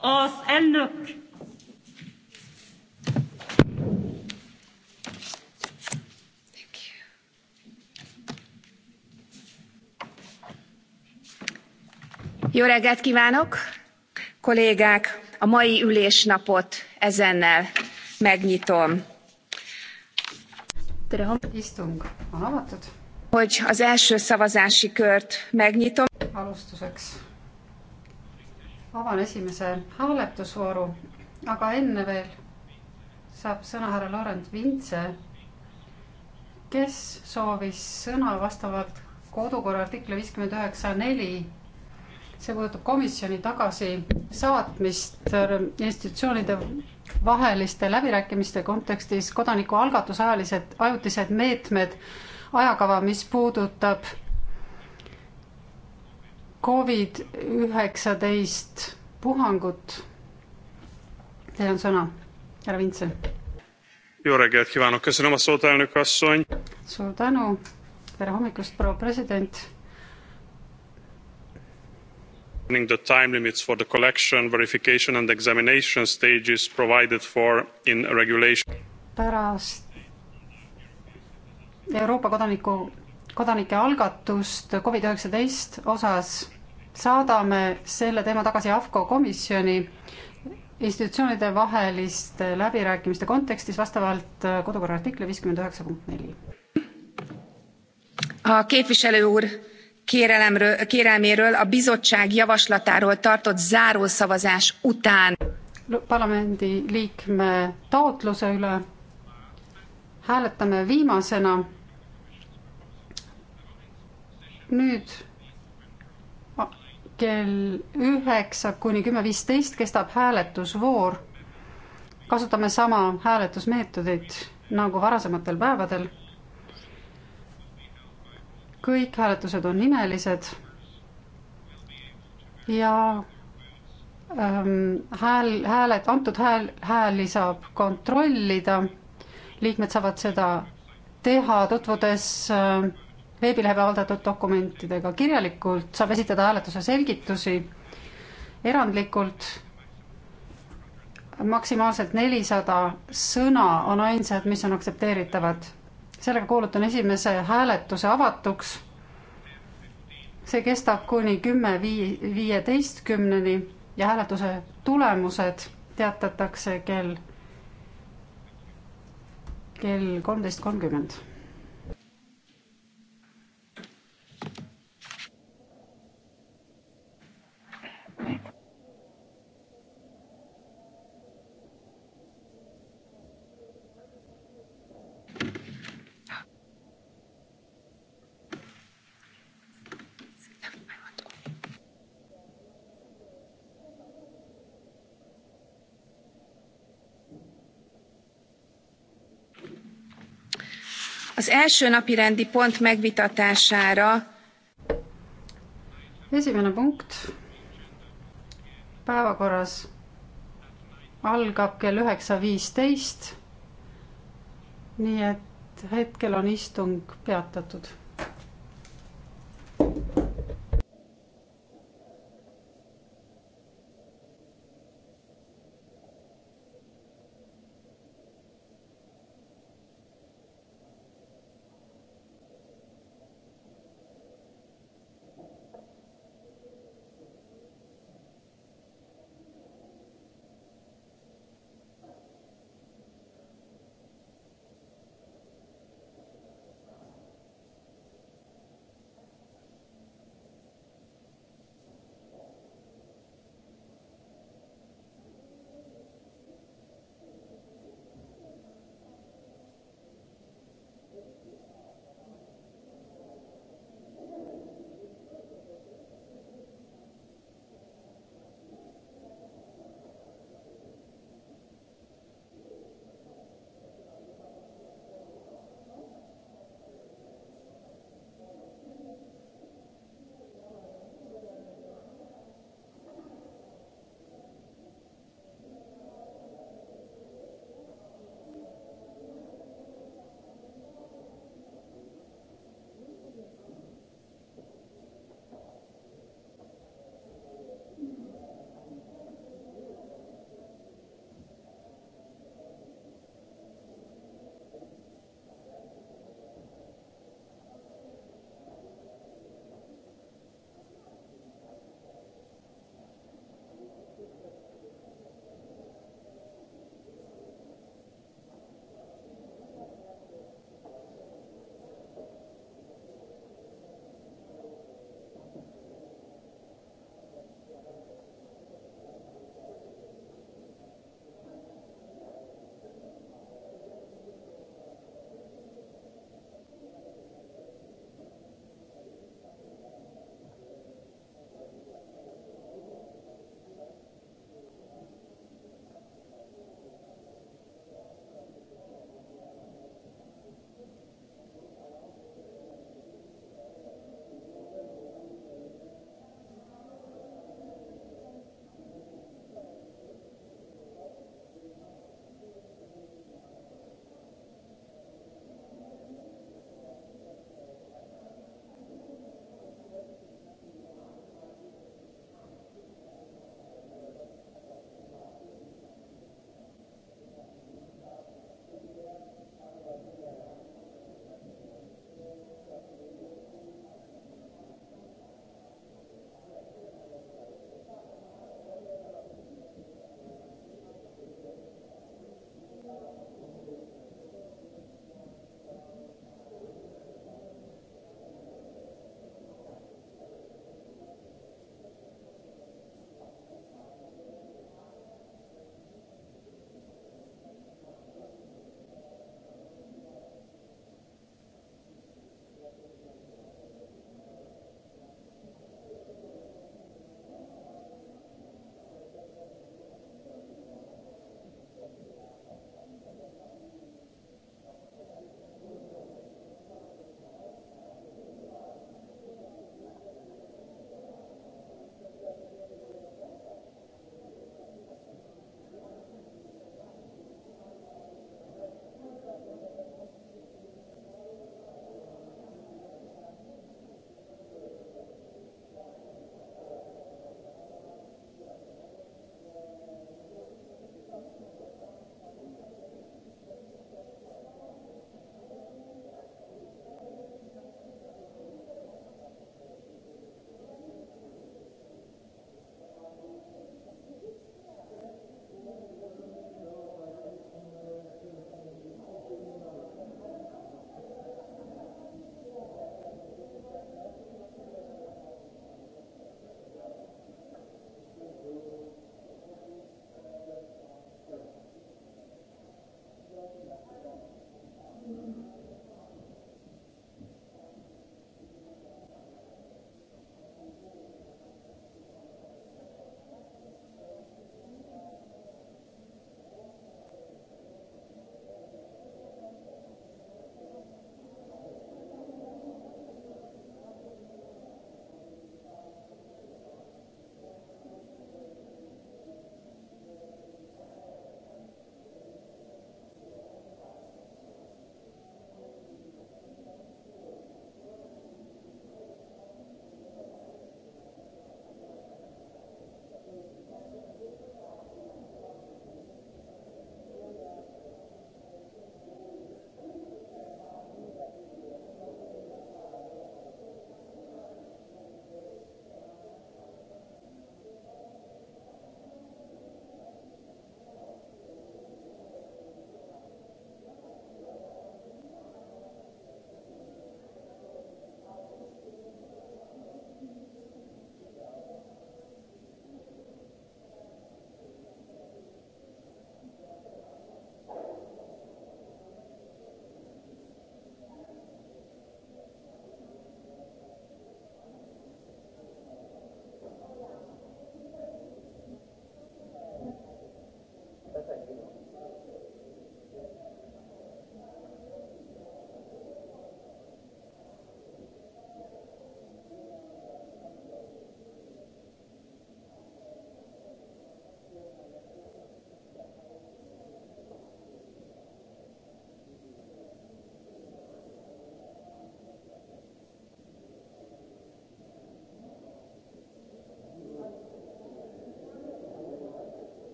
Az elnök Jó reggelt kívánok! Kollégák, a mai ülésnapot ezennel megnyitom. Tere, istung on avatud. Hogy az első szavazási kört megnyitom. Alustuseks avan esimese hääletusvooru, aga enne veel saab sõna härra Laurent Vintse, kes soovis sõna vastavalt kodukorra artikli viiskümmend üheksa neli. see puudutab komisjoni tagasisaatmist äh, institutsioonide vaheliste läbirääkimiste kontekstis kodanikualgatuse ajalised, ajutised meetmed, ajakava, mis puudutab Covid üheksateist puhangut. Teil on sõna, härra Vintsen. Jó reggelt kívánok, köszönöm a szót, elnök asszony. Suur tänu, tere hommikust, proua president. The time limits for the collection, verification and examination stages provided for in regulation. pärast Euroopa kodaniku kodanike algatust Covid-19 osas, saadame selle teema tagasi AFCO komisjoni institutsioonide vaheliste läbirääkimiste kontekstis vastavalt äh, kodukorra artikli viiskümmend üheksa punkt neli. A képviselő úr kérelemről, kérelméről a bizottság javaslatáról tartott zárószavazás után. Parlamendi liikme taotluse üle hääletame viimasena nüüd kell üheksa kuni kümme viisteist kestab hääletusvoor. kasutame sama hääletusmeetodit nagu varasematel päevadel. kõik hääletused on nimelised ja ähm, hääl, hääled, antud hääl, hääli saab kontrollida. liikmed saavad seda teha tutvudes äh, veebilehe avaldatud dokumentidega. kirjalikult saab esitada hääletuse selgitusi erandlikult maksimaalselt nelisada sõna on ainsad, mis on aktsepteeritavad. sellega kuulutan esimese hääletuse avatuks. see kestab kuni kümme vii-, viieteistkümneni ja hääletuse tulemused teatatakse kell, kell kolmteist kolmkümmend Az első napirendi pont megvitatására esimene punkt päevakorras algab kell üheksa viisteist. nii et hetkel on istung peatatud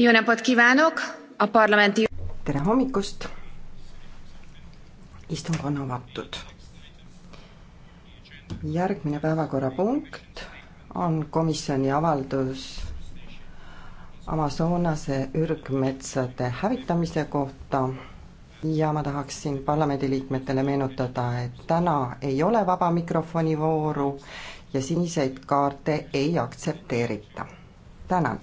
Jó napot kívánok! A parlamenti... Tere hommikust! Istung on avatud. Järgmine päevakorrapunkt on komisjoni avaldus Amazonase ürgmetsade hävitamise kohta ja ma tahaksin parlamendiliikmetele meenutada, et täna ei ole vaba mikrofoni vooru ja siniseid kaarte ei aktsepteerita. tänan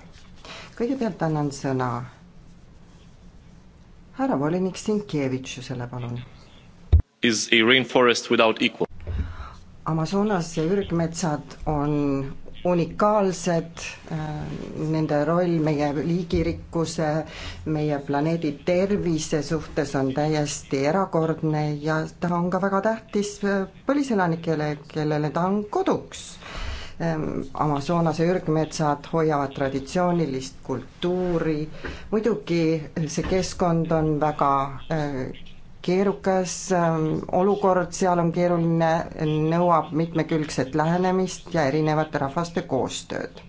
kõigepealt annan sõna härra volinik Sinkevitšusele, palun. Is a rainforest without equal? Amazonase ürgmetsad on unikaalsed, äh, nende roll meie liigirikkuse, meie planeedi tervise suhtes on täiesti erakordne ja ta on ka väga tähtis äh, põliselanikele, kellele ta on koduks. Ähm, Amazonase ürgmetsad hoiavad traditsioonilist kultuuri, muidugi äh, see keskkond on väga äh, keerukas ähm, olukord, seal on keeruline, nõuab mitmekülgset lähenemist ja erinevate rahvaste koostööd.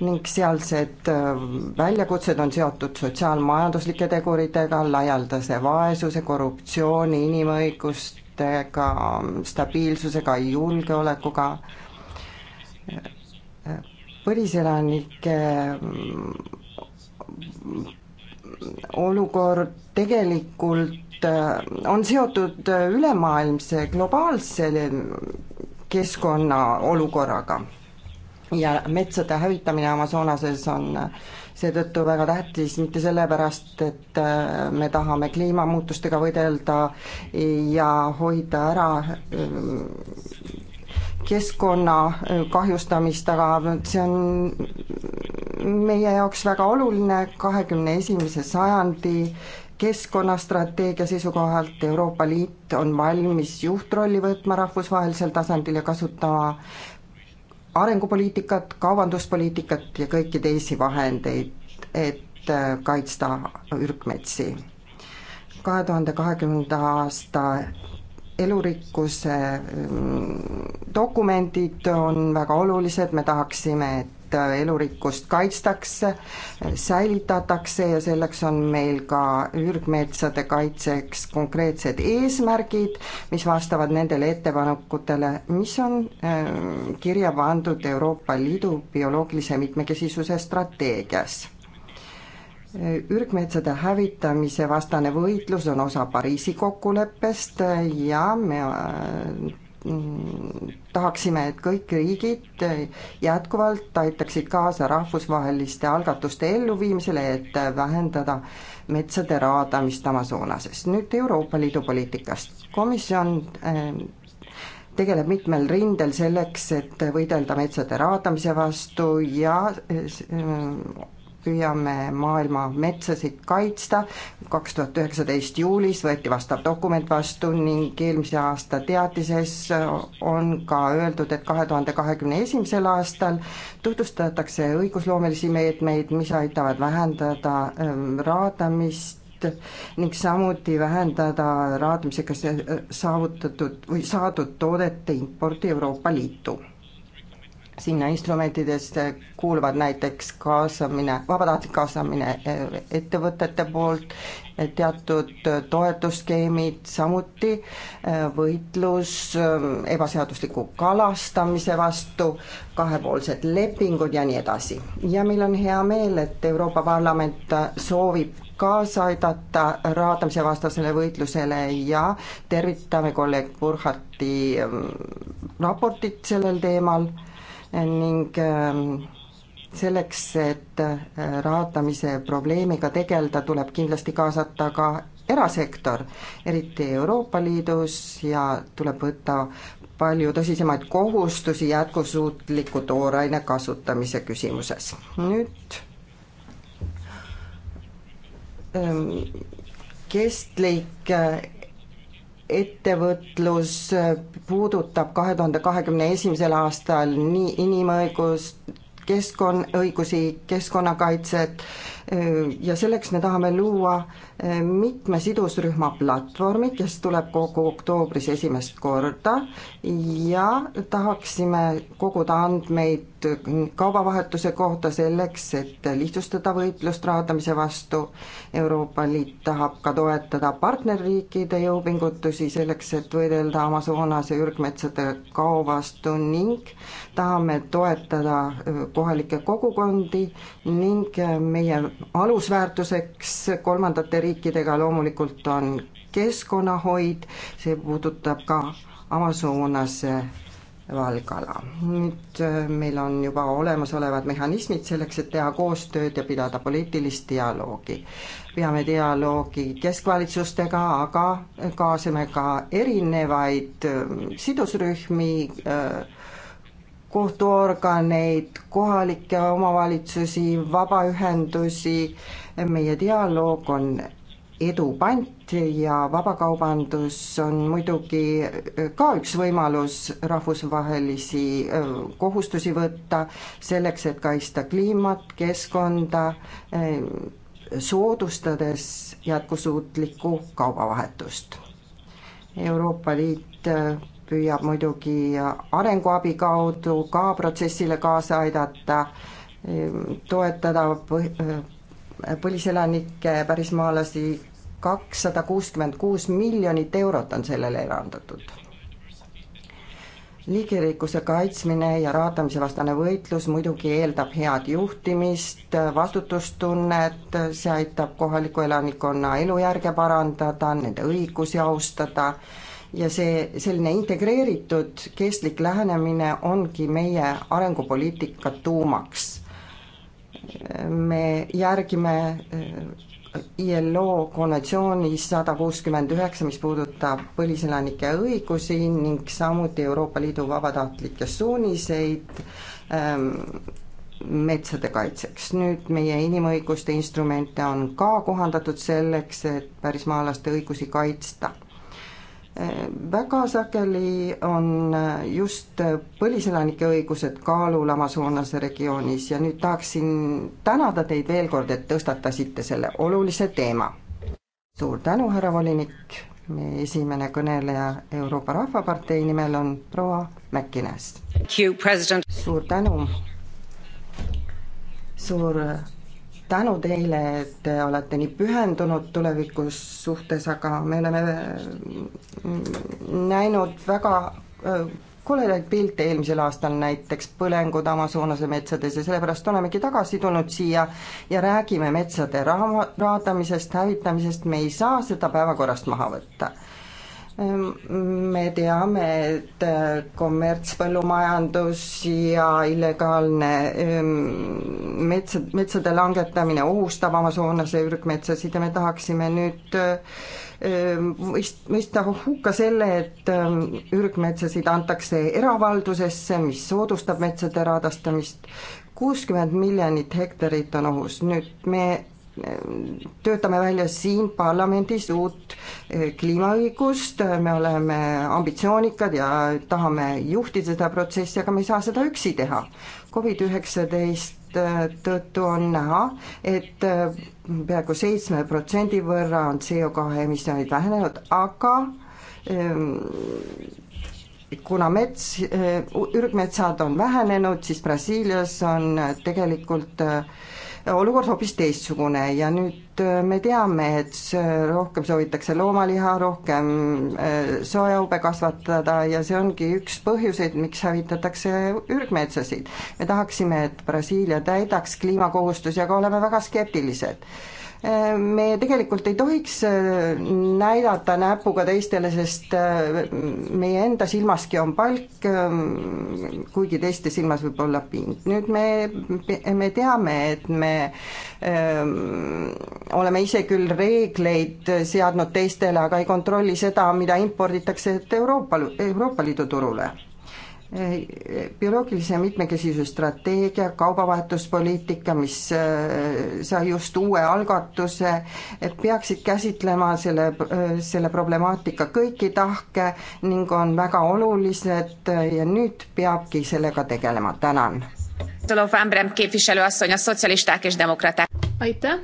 ning sealsed ähm, väljakutsed on seotud sotsiaalmajanduslike teguritega, laialdase vaesuse, korruptsiooni, inimõigustega, stabiilsusega, julgeolekuga põliselanike mm, olukord tegelikult äh, on seotud äh, ülemaailmse globaalse keskkonna olukorraga ja metsade hävitamine Amazonases on äh, seetõttu väga tähtis, mitte sellepärast, et me tahame kliimamuutustega võidelda ja hoida ära keskkonna äh, kahjustamist, aga see on meie jaoks väga oluline kahekümne esimese sajandi keskkonnastrateegia seisukohalt Euroopa Liit on valmis juhtrolli võtma rahvusvahelisel tasandil ja kasutama arengupoliitikat, kaubanduspoliitikat ja kõiki teisi vahendeid, et äh, kaitsta ürgmetsi. kahe tuhande kahekümnenda aasta elurikkuse mm, dokumendid on väga olulised, me tahaksime, et elurikkust kaitstakse, säilitatakse ja selleks on meil ka ürgmetsade kaitseks konkreetsed eesmärgid, mis vastavad nendele ettepanekutele, mis on mm, kirja pandud Euroopa Liidu bioloogilise mitmekesisuse strateegias ürgmetsade hävitamise vastane võitlus on osa Pariisi kokkuleppest ja me mm, tahaksime, et kõik riigid jätkuvalt aitaksid kaasa rahvusvaheliste algatuste elluviimisele, et vähendada metsade raadamist Amazonases. nüüd Euroopa Liidu poliitikast. komisjon eh, tegeleb mitmel rindel selleks, et võidelda metsade raadamise vastu ja eh, mm, püüame maailma metsasid kaitsta, kaks tuhat üheksateist juulis võeti vastav dokument vastu ning eelmise aasta teatises on ka öeldud, et kahe tuhande kahekümne esimesel aastal tutvustatakse õigusloomelisi meetmeid, mis aitavad vähendada ähm, raadamist, ning samuti vähendada raadamisega saavutatud või saadud toodete importi Euroopa Liitu sinna instrumentidest kuuluvad näiteks kaasamine, vabatahtlik kaasamine eh, ettevõtete poolt, eh, teatud toetusskeemid, samuti eh, võitlus ebaseadusliku kalastamise vastu, kahepoolsed lepingud ja nii edasi. ja meil on hea meel, et Euroopa Parlament soovib kaasa aidata raadamise vastasele võitlusele ja tervitame kolleeg Burhati raportit sellel teemal ning ähm, selleks, et äh, rahatamise probleemiga tegeleda, tuleb kindlasti kaasata ka erasektor, eriti Euroopa Liidus ja tuleb võtta palju tõsisemaid kohustusi jätkusuutliku tooraine kasutamise küsimuses. nüüd ähm, kestlik äh, ettevõtlus puudutab kahe tuhande kahekümne esimesel aastal nii inimõigust, keskkonnaõigusi, keskkonnakaitset ja selleks me tahame luua eh, mitme sidusrühma platvormi, kes tuleb kokku oktoobris esimest korda ja tahaksime koguda andmeid kaubavahetuse kohta selleks, et lihtsustada võitlust rahastamise vastu. Euroopa Liit tahab ka toetada partnerriikide jõupingutusi selleks, et võidelda Amazonase ürgmetsade kao vastu ning tahame toetada eh, kohalikke kogukondi ning eh, meie alusväärtuseks kolmandate riikidega loomulikult on keskkonnahoid, see puudutab ka Amazonase valgala. nüüd äh, meil on juba olemasolevad mehhanismid selleks, et teha koostööd ja pidada poliitilist dialoogi. peame dialoogi keskvalitsustega, aga kaasame ka erinevaid äh, sidusrühmi äh,, kohtuorganeid, kohalikke omavalitsusi, vabaühendusi, meie dialoog on edu pant ja vabakaubandus on muidugi ka üks võimalus rahvusvahelisi kohustusi võtta selleks, et kaitsta kliimat, keskkonda, soodustades jätkusuutlikku kaubavahetust. Euroopa Liit püüab muidugi arenguabi kaudu ka protsessile kaasa aidata, toetada põh-, põliselanikke, pärismaalasi, kakssada kuuskümmend kuus miljonit eurot on sellele eraldatud. liigirikkuse kaitsmine ja raadamise vastane võitlus muidugi eeldab head juhtimist, vastutustunnet, see aitab kohaliku elanikkonna elujärge parandada, nende õigusi austada ja see, selline integreeritud kestlik lähenemine ongi meie arengupoliitika tuumaks. me järgime eh, ILO konventsioonis sada kuuskümmend üheksa, mis puudutab põliselanike õigusi ning samuti Euroopa Liidu vabatahtlikke suuniseid ähm, metsade kaitseks. nüüd meie inimõiguste instrumente on ka kohandatud selleks, et pärismaalaste õigusi kaitsta väga sageli on just põliselanike õigused kaalul Amazonase regioonis ja nüüd tahaksin tänada teid veel kord, et tõstatasite selle olulise teema. suur tänu, härra volinik, meie esimene kõneleja Euroopa Rahvapartei nimel on proua Mäkkines. suur tänu, suur tänu teile, et te olete nii pühendunud tulevikus suhtes, aga me oleme mm, näinud väga koledaid pilte eelmisel aastal, näiteks põlengud Amazonase metsades ja sellepärast olemegi tagasi tulnud siia ja räägime metsade raadamisest, hävitamisest, me ei saa seda päevakorrast maha võtta me teame, et äh, kommertspõllumajandus ja illegaalne ähm, metsa, metsade langetamine ohustab Amazonase ürgmetsasid ja me tahaksime nüüd äh, mõist-, ähm, mõista hukka selle, et ähm, ürgmetsasid antakse eravaldusesse, mis soodustab metsade radastamist, kuuskümmend miljonit hektarit on ohus, nüüd me töötame välja siin parlamendis uut eh, kliimaõigust, me oleme ambitsioonikad ja tahame juhtida seda protsessi, aga me ei saa seda üksi teha. Covid-19 eh, tõttu on näha, et eh, peaaegu seitsme protsendi võrra on CO2 emissioonid vähenenud, aga kuna mets, ürgmetsad on vähenenud, siis Brasiilias on tegelikult äh, olukord hoopis teistsugune ja nüüd äh, me teame, et rohkem soovitakse loomaliha, rohkem äh, soojahube kasvatada ja see ongi üks põhjuseid, miks hävitatakse ürgmetsasid. me tahaksime, et Brasiilia täidaks kliimakohustusi, aga oleme väga skeptilised me tegelikult ei tohiks äh, näidata näpuga teistele, sest äh, meie enda silmaski on palk, ähm, kuigi teiste silmas võib olla pind. nüüd me, me teame, et me öö, ähm, oleme ise küll reegleid seadnud teistele, aga ei kontrolli seda, mida imporditakse Euroopa, Euroopa Liidu turule bioloogilise mitmekesisuse strateegia, kaubavahetuspoliitika, mis äh, sai just uue algatuse, peaksid käsitlema selle, äh, selle problemaatika kõiki tahke ning on väga olulised äh, ja nüüd peabki sellega tegelema, tänan. aitäh.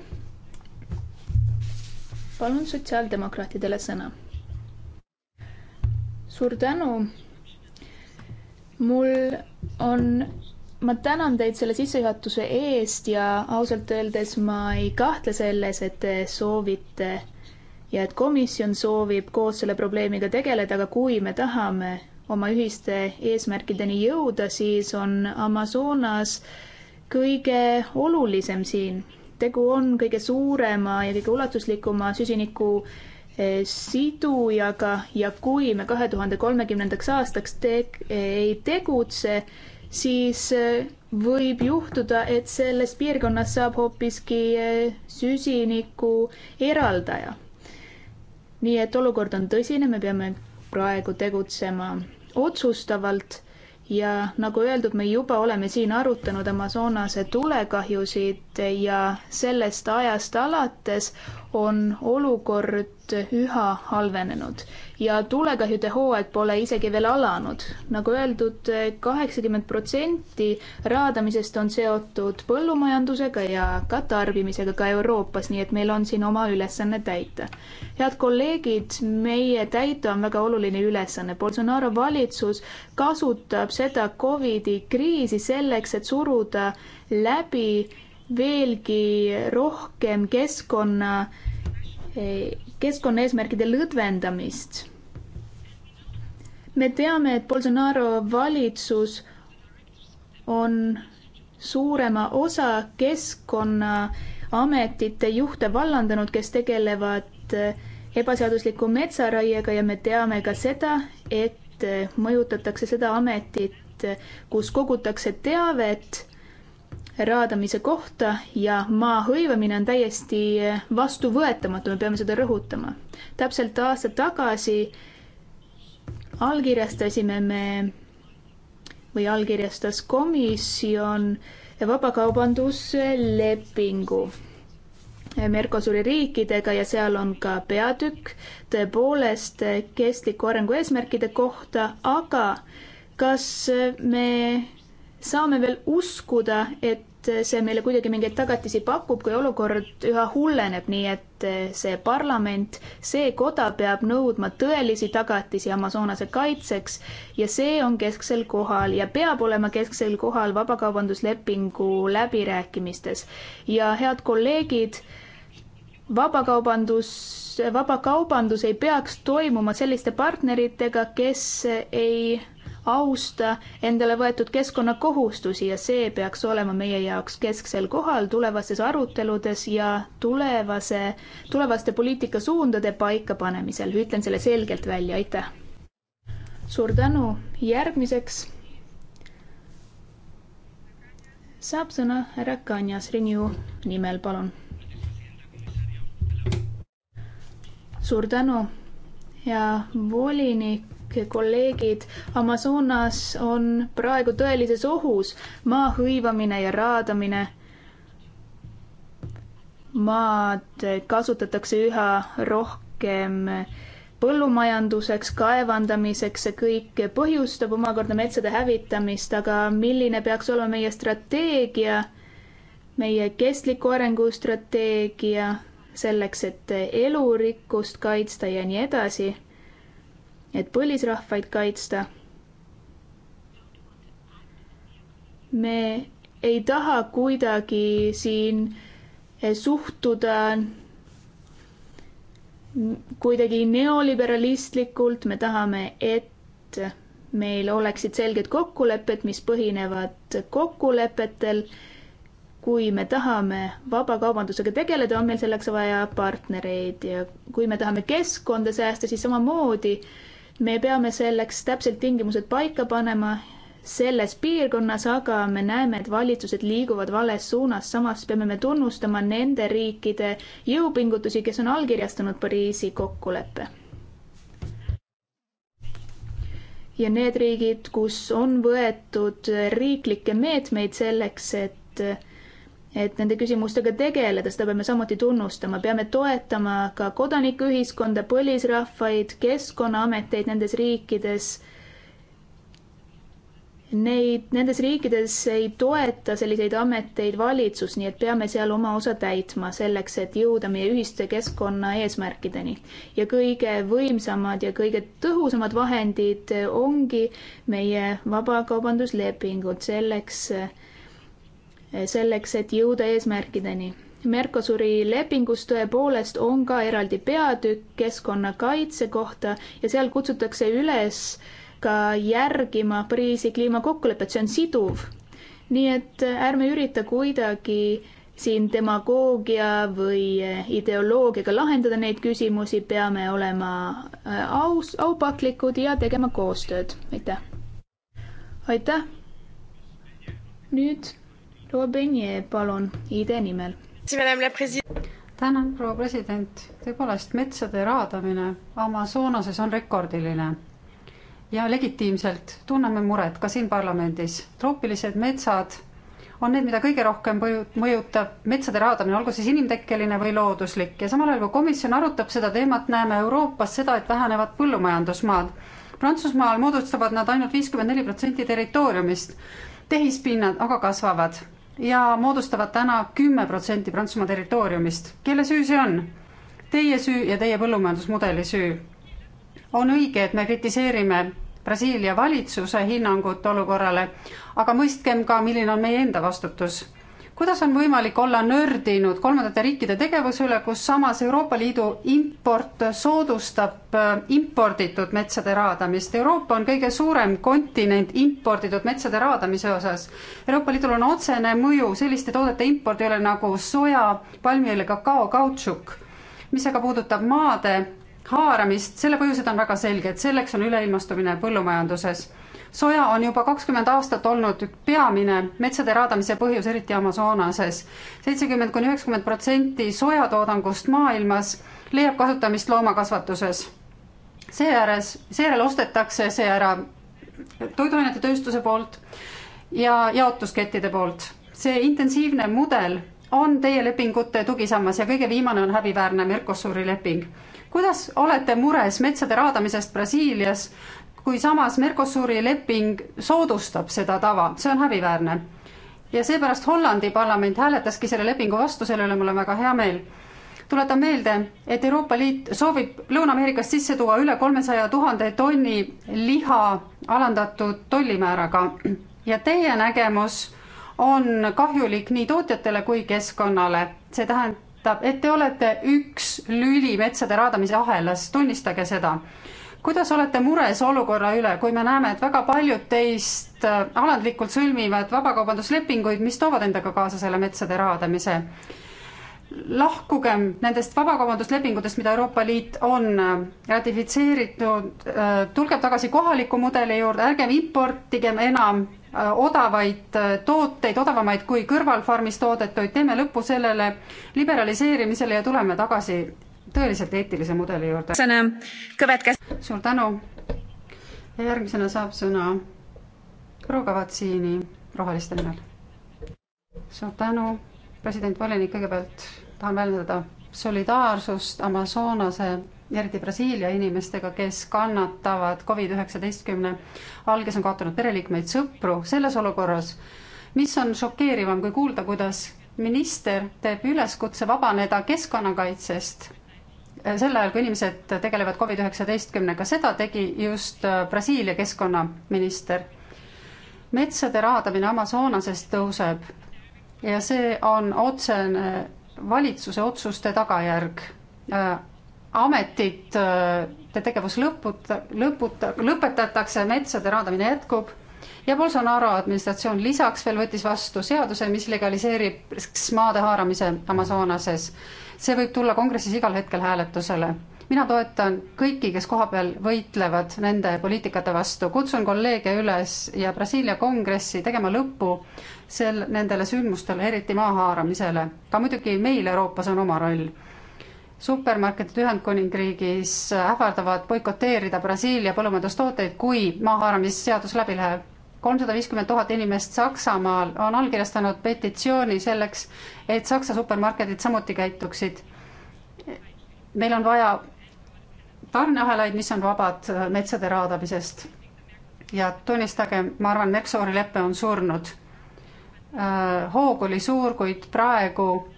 palun sotsiaaldemokraatidele sõna. suur tänu mul on, ma tänan teid selle sissejuhatuse eest ja ausalt öeldes ma ei kahtle selles, et te soovite ja et komisjon soovib koos selle probleemiga tegeleda, aga kui me tahame oma ühiste eesmärkideni jõuda, siis on Amazonas kõige olulisem siin. tegu on kõige suurema ja kõige ulatuslikuma süsiniku Eh, sidujaga ja kui me kahe tuhande kolmekümnendaks aastaks teg ei tegutse, siis eh, võib juhtuda, et sellest piirkonnast saab hoopiski eh, süsiniku eraldaja. nii et olukord on tõsine, me peame praegu tegutsema otsustavalt ja nagu öeldud, me juba oleme siin arutanud Amazonase tulekahjusid ja sellest ajast alates on olukord üha halvenenud ja tulekahjude hooaeg pole isegi veel alanud. nagu öeldud, kaheksakümmend protsenti raadamisest on seotud põllumajandusega ja ka tarbimisega ka Euroopas, nii et meil on siin oma ülesanne täita. head kolleegid, meie täita on väga oluline ülesanne. Bolsonaro valitsus kasutab seda Covidi kriisi selleks, et suruda läbi veelgi rohkem keskkonna, keskkonnaeesmärkide lõdvendamist. me teame, et Bolsonaro valitsus on suurema osa keskkonnaametite juhte vallandanud, kes tegelevad ebaseadusliku metsaraiega ja me teame ka seda, et mõjutatakse seda ametit, kus kogutakse teavet raadamise kohta ja maa hõivamine on täiesti vastuvõetamatu, me peame seda rõhutama. täpselt aasta tagasi allkirjastasime me või allkirjastas komisjon vabakaubanduslepingu Mercosuri riikidega ja seal on ka peatükk tõepoolest kestliku arengu eesmärkide kohta, aga kas me saame veel uskuda, et see meile kuidagi mingeid tagatisi pakub, kui olukord üha hulleneb, nii et see parlament, see koda peab nõudma tõelisi tagatisi Amazonase kaitseks ja see on kesksel kohal ja peab olema kesksel kohal vabakaubanduslepingu läbirääkimistes. ja head kolleegid, vabakaubandus vabakaubandus ei peaks toimuma selliste partneritega, kes ei austa endale võetud keskkonnakohustusi ja see peaks olema meie jaoks kesksel kohal tulevases aruteludes ja tulevase, tulevaste poliitikasuundade paikapanemisel. ütlen selle selgelt välja, aitäh. suur tänu, järgmiseks saab sõna härra Kanjas Renew nimel, palun. suur tänu, hea volinik kõik kolleegid, Amazonas on praegu tõelises ohus. maa hõivamine ja raadamine. maad kasutatakse üha rohkem põllumajanduseks, kaevandamiseks, see kõik põhjustab omakorda metsade hävitamist, aga milline peaks olema meie strateegia, meie kestliku arengu strateegia selleks, et elurikkust kaitsta ja nii edasi et põlisrahvaid kaitsta. me ei taha kuidagi siin eh, suhtuda kuidagi neoliberalistlikult, me tahame, et meil oleksid selged kokkulepped, mis põhinevad kokkulepetel. kui me tahame vabakaubandusega tegeleda, on meil selleks vaja partnereid ja kui me tahame keskkonda säästa, siis samamoodi äh, me peame selleks täpselt tingimused paika panema selles piirkonnas, aga me näeme, et valitsused liiguvad vales suunas, samas peame me tunnustama nende riikide jõupingutusi, kes on allkirjastanud Pariisi kokkuleppe. ja need riigid, kus on võetud riiklikke meetmeid selleks, et et nende küsimustega tegeleda, seda peame samuti tunnustama, peame toetama ka kodanikuühiskonda, põlisrahvaid, keskkonnaameteid nendes riikides. Neid, nendes riikides ei toeta selliseid ameteid valitsus, nii et peame seal oma osa täitma selleks, et jõuda meie ühiste keskkonna eesmärkideni. ja kõige võimsamad ja kõige tõhusamad vahendid ongi meie vabakaubanduslepingud selleks, selleks, et jõuda eesmärkideni. Mercosuri lepingus tõepoolest on ka eraldi peatükk keskkonnakaitse kohta ja seal kutsutakse üles ka järgima Pariisi kliimakokkulepet, see on siduv. nii et ärme ürita kuidagi siin demagoogia või ideoloogiaga lahendada neid küsimusi, peame olema äh, aus, aupaklikud ja tegema koostööd. aitäh! aitäh! nüüd proua Benje, palun, ID nimel. tänan, proua president. tõepoolest, metsade raadamine Amazonases on rekordiline ja legitiimselt tunneme muret ka siin parlamendis. troopilised metsad on need, mida kõige rohkem mõjutab metsade raadamine, olgu siis inimtekkeline või looduslik ja samal ajal, kui komisjon arutab seda teemat, näeme Euroopas seda, et vähenevad põllumajandusmaad. Prantsusmaal moodustavad nad ainult viiskümmend neli protsenti territooriumist, tehispinnad aga kasvavad ja moodustavad täna kümme protsenti Prantsusmaa territooriumist. kelle süü see on? Teie süü ja teie põllumajandusmudeli süü. on õige, et me kritiseerime Brasiilia valitsuse hinnangut olukorrale, aga mõistkem ka, milline on meie enda vastutus kuidas on võimalik olla nördinud kolmandate riikide tegevuse üle, kus samas Euroopa Liidu import soodustab äh, imporditud metsade raadamist? Euroopa on kõige suurem kontinent imporditud metsade raadamise osas. Euroopa Liidul on otsene mõju selliste toodete impordile nagu soja, palmiõli, kakao, kautšuk. mis aga puudutab maade haaramist, selle põhjused on väga selged, selleks on üleilmastumine põllumajanduses soja on juba kakskümmend aastat olnud peamine metsade raadamise põhjus, eriti Amazonases. seitsekümmend kuni üheksakümmend protsenti sojatoodangust maailmas leiab kasutamist loomakasvatuses. seejärel, seejärel ostetakse see ära toiduainetetööstuse poolt ja jaotuskettide poolt. see intensiivne mudel on teie lepingute tugisammas ja kõige viimane on häbiväärne Mercosuri leping. kuidas olete mures metsade raadamisest Brasiilias, kui samas Mercosuri leping soodustab seda tava, see on häbiväärne. ja seepärast Hollandi parlament hääletaski selle lepingu vastu, selle üle mul on väga hea meel. tuletan meelde, et Euroopa Liit soovib Lõuna-Ameerikast sisse tuua üle kolmesaja tuhande tonni liha alandatud tollimääraga ja teie nägemus on kahjulik nii tootjatele kui keskkonnale, see tähendab, et te olete üks lüli metsade raadamise ahelas, tunnistage seda kuidas olete mures olukorra üle, kui me näeme, et väga paljud teist äh, alandlikult sõlmivad vabakaubanduslepinguid, mis toovad endaga kaasa selle metsade raadamise? lahkugem nendest vabakaubanduslepingutest, mida Euroopa Liit on äh, ratifitseeritud, äh, tulgem tagasi kohaliku mudeli juurde, ärgem importigem enam odavaid tooteid, odavamaid kui kõrvalfarmis toodetuid, teeme lõpu sellele liberaliseerimisele ja tuleme tagasi tõeliselt eetilise mudeli juurde. sõna kõvetkäs. suur tänu. ja järgmisena saab sõna proua Kavatsiini roheliste nimel. suur tänu, president volinik, kõigepealt tahan väljendada solidaarsust Amazonase eriti Brasiilia inimestega, kes kannatavad Covid üheksateistkümne all, kes on kaotanud pereliikmeid, sõpru selles olukorras, mis on šokeerivam kui kuulda, kuidas minister teeb üleskutse vabaneda keskkonnakaitsest sel ajal, kui inimesed tegelevad Covid-19-ga, seda tegi just äh, Brasiilia keskkonnaminister. metsade raadamine Amazonases tõuseb ja see on otsene valitsuse otsuste tagajärg. Äh, ametite äh, tegevus lõputa, lõputa, lõpetatakse, metsade raadamine jätkub ja Bolsonaro administratsioon lisaks veel võttis vastu seaduse, mis legaliseerib maade haaramise Amazonases see võib tulla kongressis igal hetkel hääletusele. mina toetan kõiki, kes kohapeal võitlevad nende poliitikate vastu, kutsun kolleege üles ja Brasiilia kongressi tegema lõpu sel, nendele sündmustele, eriti maahaaramisele. ka muidugi meil Euroopas on oma roll supermarketid Ühendkuningriigis ähvardavad boikoteerida Brasiilia põllumajandustooteid, kui maahaaramisseadus läbi läheb kolmsada viiskümmend tuhat inimest Saksamaal on allkirjastanud petitsiooni selleks, et Saksa supermarketid samuti käituksid. meil on vaja tarneahelaid, mis on vabad metsade raadamisest. ja tunnistage, ma arvan, Mercosaari lepe on surnud. Äh, hoog oli suur, kuid praegu,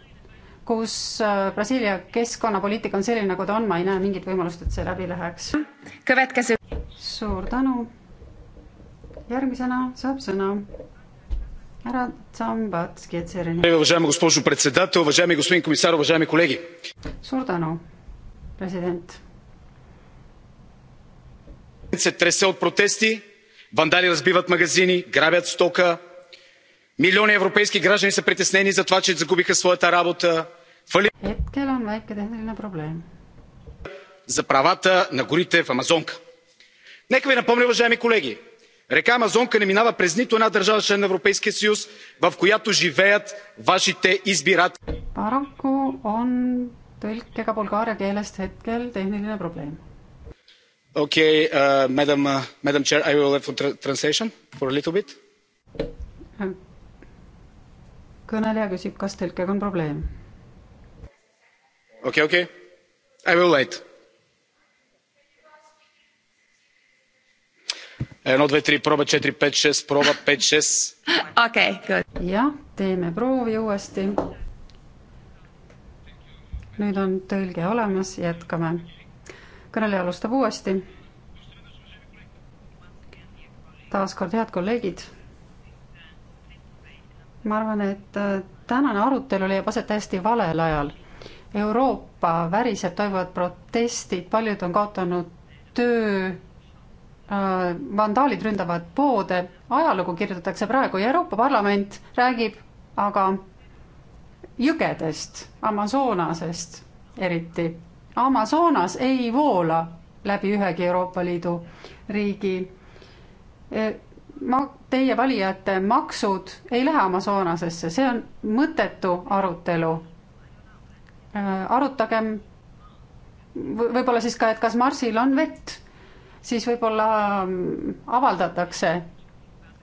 kus äh, Brasiilia keskkonnapoliitika on selline, nagu ta on, ma ei näe mingit võimalust, et see läbi läheks. suur tänu järgmisena saab sõna härra Tsambatski, et see. suur tänu, president. се тресе от протести, вандали разбиват магазини, грабят стока. Милиони европейски граждани са притеснени за това, че загубиха своята работа. Фали... Hetkel on väike tehniline probleem. За правата на горите в Амазонка. Нека ви напомня, уважаеми колеги, река амазонка не минава през нито една държава – член на Европейския съюз, в която живеят вашите избиратели. Paraku on tõlk ega bulgaaria keelest hetkel tehniline probleem. Okay, uh, äh, madam, uh, madam chair, I will have tra translation for a little bit. Kõneleja küsib, kas tõlkega on probleem. Okay, okay. I will wait. üks, kaks, kolm, proov, neli, viis, kuus, proov, viis, kuus. okei, good. jah, teeme proovi uuesti. nüüd on tõlge olemas, jätkame. kõneleja alustab uuesti. taaskord, head kolleegid. ma arvan, et äh, tänane arutelu leiab aset täiesti valel ajal. Euroopa väriseb, toimuvad protestid, paljud on kaotanud töö Äh, vandaalid ründavad poode, ajalugu kirjutatakse praegu ja Euroopa Parlament räägib aga jõgedest, Amazonasest eriti. Amazonas ei voola läbi ühegi Euroopa Liidu riigi. E, ma, teie valijate maksud ei lähe Amazonasesse, see on mõttetu arutelu. Äh, arutagem võib-olla siis ka, et kas Marsil on vett siis võib-olla mm, avaldatakse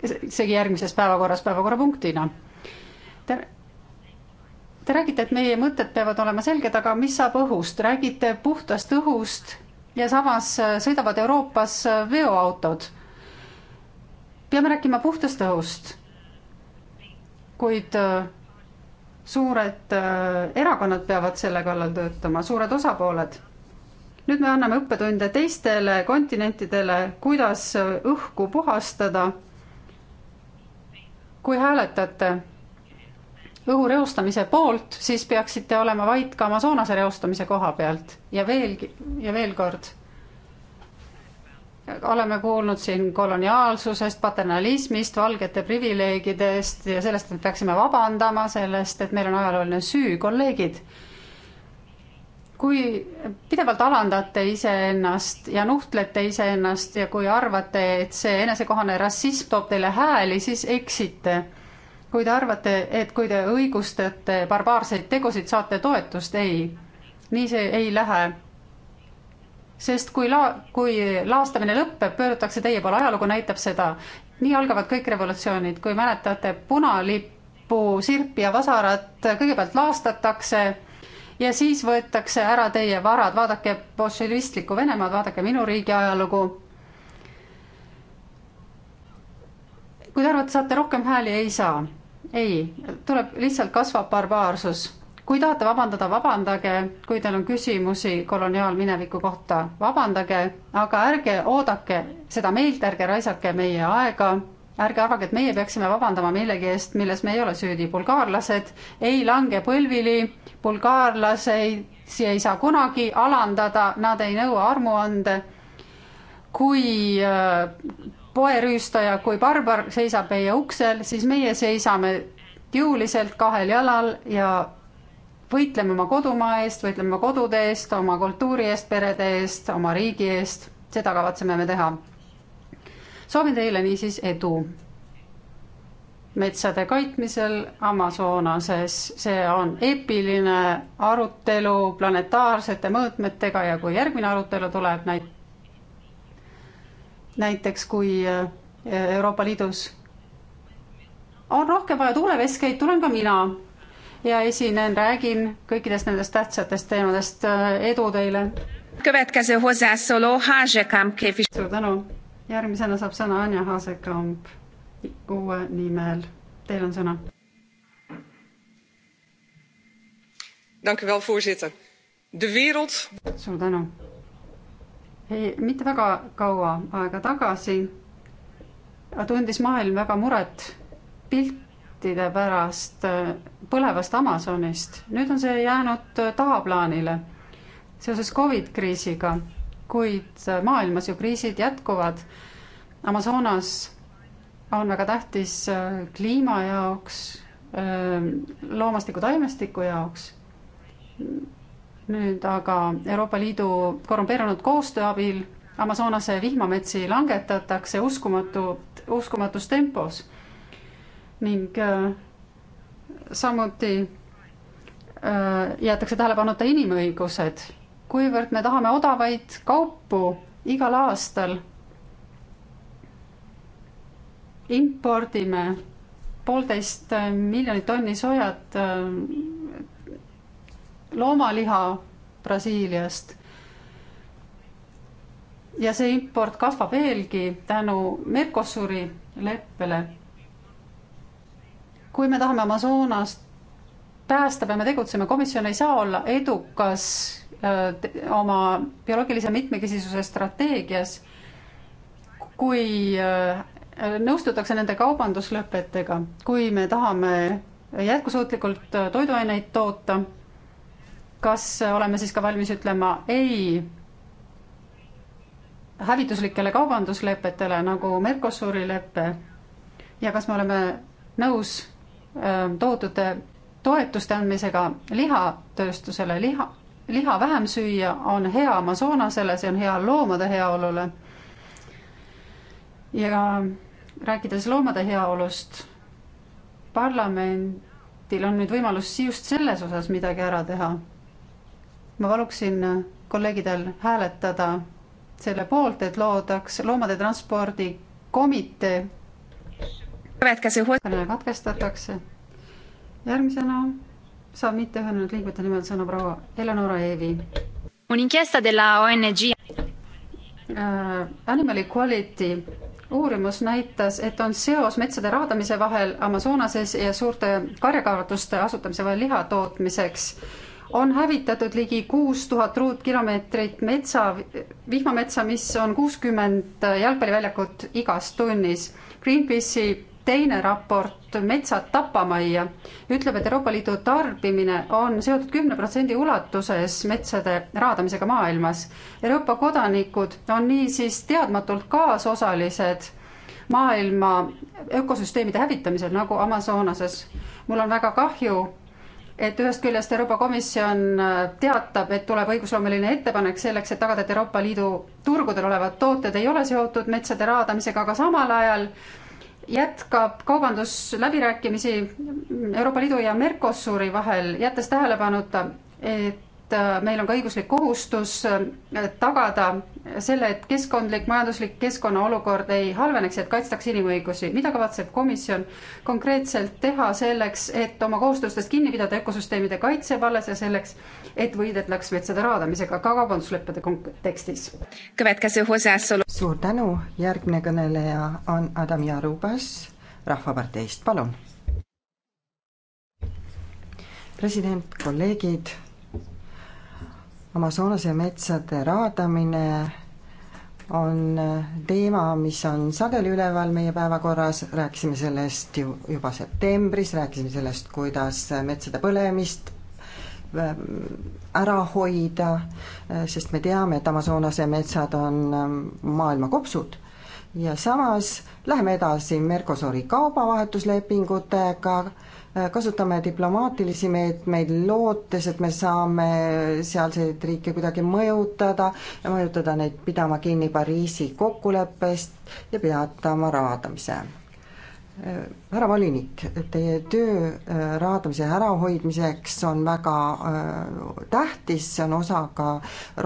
isegi järgmises päevakorras päevakorrapunktina. Te, te räägite, et meie mõtted peavad olema selged, aga mis saab õhust, räägite puhtast õhust ja samas äh, sõidavad Euroopas äh, veoautod. peame rääkima puhtast õhust, kuid äh, suured erakonnad peavad selle kallal töötama, suured osapooled nüüd me anname õppetunde teistele kontinentidele, kuidas õhku puhastada. kui hääletate õhu reostamise poolt, siis peaksite olema vait ka Amazonase reostamise koha pealt ja veelgi ja veel kord. oleme kuulnud siin koloniaalsusest, paternalismist, valgete privileegidest ja sellest, et peaksime vabandama sellest, et meil on ajalooline süü, kolleegid kui pidevalt alandate iseennast ja nuhtlete iseennast ja kui arvate, et see enesekohane rassism toob teile hääli, siis eksite. kui te arvate, et kui te õigustate barbaarseid tegusid, saate toetust, ei. nii see ei lähe. sest kui la-, kui laastamine lõpeb, pöördutakse teie poole, ajalugu näitab seda. nii algavad kõik revolutsioonid, kui mäletate punalipu, sirpi ja vasarat, kõigepealt laastatakse ja siis võetakse ära teie varad, vaadake bolševistlikku Venemaad, vaadake minu riigi ajalugu. kui te arvate, saate rohkem hääli, ei saa. ei, tuleb, lihtsalt kasvab barbaarsus. kui tahate vabandada, vabandage, kui teil on küsimusi koloniaalmineviku kohta, vabandage, aga ärge oodake seda meilt, ärge raisake meie aega ärge arvage, et meie peaksime vabandama millegi eest, milles me ei ole süüdi. bulgaarlased ei lange põlvili, bulgaarlaseid ei saa kunagi alandada, nad ei nõua armuande. kui äh, poerüüstaja, kui barbar seisab meie uksel, siis meie seisame jõuliselt kahel jalal ja võitleme oma kodumaa eest, võitleme oma kodude eest, oma kultuuri eest, perede eest, oma riigi eest, seda kavatseme me teha soovin teile niisiis edu metsade kaitmisel Amazonases. see on eepiline arutelu planetaarsete mõõtmetega ja kui järgmine arutelu tuleb näit-, näiteks kui eh, Euroopa Liidus on rohkem vaja tuuleveskeid, tulen ka mina ja esinen, räägin kõikidest nendest tähtsatest teemadest. edu teile! suur tänu! järgmisena saab sõna Anja Haasekamp uue nimel. Teil on sõna. suur tänu. ei, mitte väga kaua aega tagasi tundis maailm väga muret piltide pärast äh, põlevast Amazonist. nüüd on see jäänud äh, tavaplaanile seoses Covid kriisiga kuid äh, maailmas ju kriisid jätkuvad. Amazonas on väga tähtis äh, kliima jaoks, ähm, loomastiku, taimestiku jaoks. nüüd aga Euroopa Liidu korrumpeerunud koostöö abil Amazonase vihmametsi langetatakse uskumatut, uskumatus tempos ning äh, samuti jäetakse tähelepanuta inimõigused kuivõrd me tahame odavaid kaupu igal aastal. impordime poolteist miljonit tonni sojat, äh, loomaliha Brasiiliast. ja see import kasvab veelgi tänu Mercosuri leppele. kui me tahame Amazonast päästa, peame tegutsema, komisjon ei saa olla edukas äh, oma bioloogilise mitmekesisuse strateegias, kui äh, nõustutakse nende kaubanduslõpetega, kui me tahame jätkusuutlikult äh, toiduaineid toota, kas oleme siis ka valmis ütlema ei hävituslikele kaubanduslepetele nagu Mercosuri lepe ja kas me oleme nõus tohutute toetuste andmisega lihatööstusele, liha, liha vähem süüa on hea Amazonasele, see on hea loomade heaolule. ja rääkides loomade heaolust, parlamendil on nüüd võimalus just selles osas midagi ära teha. ma paluksin kolleegidel hääletada selle poolt, et loodaks loomade transpordikomitee. katkestatakse järgmisena saab mitteühinenud liikmete nimel sõna proua Eleonora Eevi. Un'inchiesta della ONG äh, Animal Equality uurimus näitas, et on seos metsade raadamise vahel Amazonases ja suurte karjakaevatuste asutamise vahel liha tootmiseks. on hävitatud ligi kuus tuhat ruutkilomeetrit metsa, vihmametsa, mis on kuuskümmend jalgpalliväljakut igas tunnis. Greenpeace'i teine raport Metsad tapamajja ütleb, et Euroopa Liidu tarbimine on seotud kümne protsendi ulatuses metsade raadamisega maailmas. Euroopa kodanikud on niisiis teadmatult kaasosalised maailma ökosüsteemide hävitamisel, nagu Amazonases. mul on väga kahju, et ühest küljest Euroopa Komisjon teatab, et tuleb õigusloomeline ettepanek selleks, et tagada, et Euroopa Liidu turgudel olevad tooted ei ole seotud metsade raadamisega, aga samal ajal jätkab kaubandusläbirääkimisi Euroopa Liidu ja Mercosuri vahel, jättes tähelepanuta, et et äh, meil on ka õiguslik kohustus äh, tagada selle, et keskkondlik, majanduslik keskkonna olukord ei halveneks, et kaitstakse inimõigusi. mida kavatseb komisjon konkreetselt teha selleks, et oma kohustustest kinni pidada ökosüsteemide kaitse vallas ja selleks, et võidetaks metsade raadamisega ka kaubandusleppede kontekstis? suur tänu, järgmine kõneleja on Adam Jarubas Rahvaparteist, palun. president, kolleegid Amazonase metsade raadamine on teema, mis on sageli üleval meie päevakorras, rääkisime sellest ju juba septembris, rääkisime sellest, kuidas metsade põlemist ähm, ära hoida, äh, sest me teame, et Amazonase metsad on ähm, maailma kopsud ja samas läheme edasi Mercosuri kaubavahetuslepingutega ka,, Äh, kasutame diplomaatilisi meetmeid, lootes, et me saame sealseid riike kuidagi mõjutada ja mõjutada neid pidama kinni Pariisi kokkuleppest ja peatama raadamise. Äh, härra volinik, teie töö äh, raadamise ärahoidmiseks on väga tähtis, see on osa ka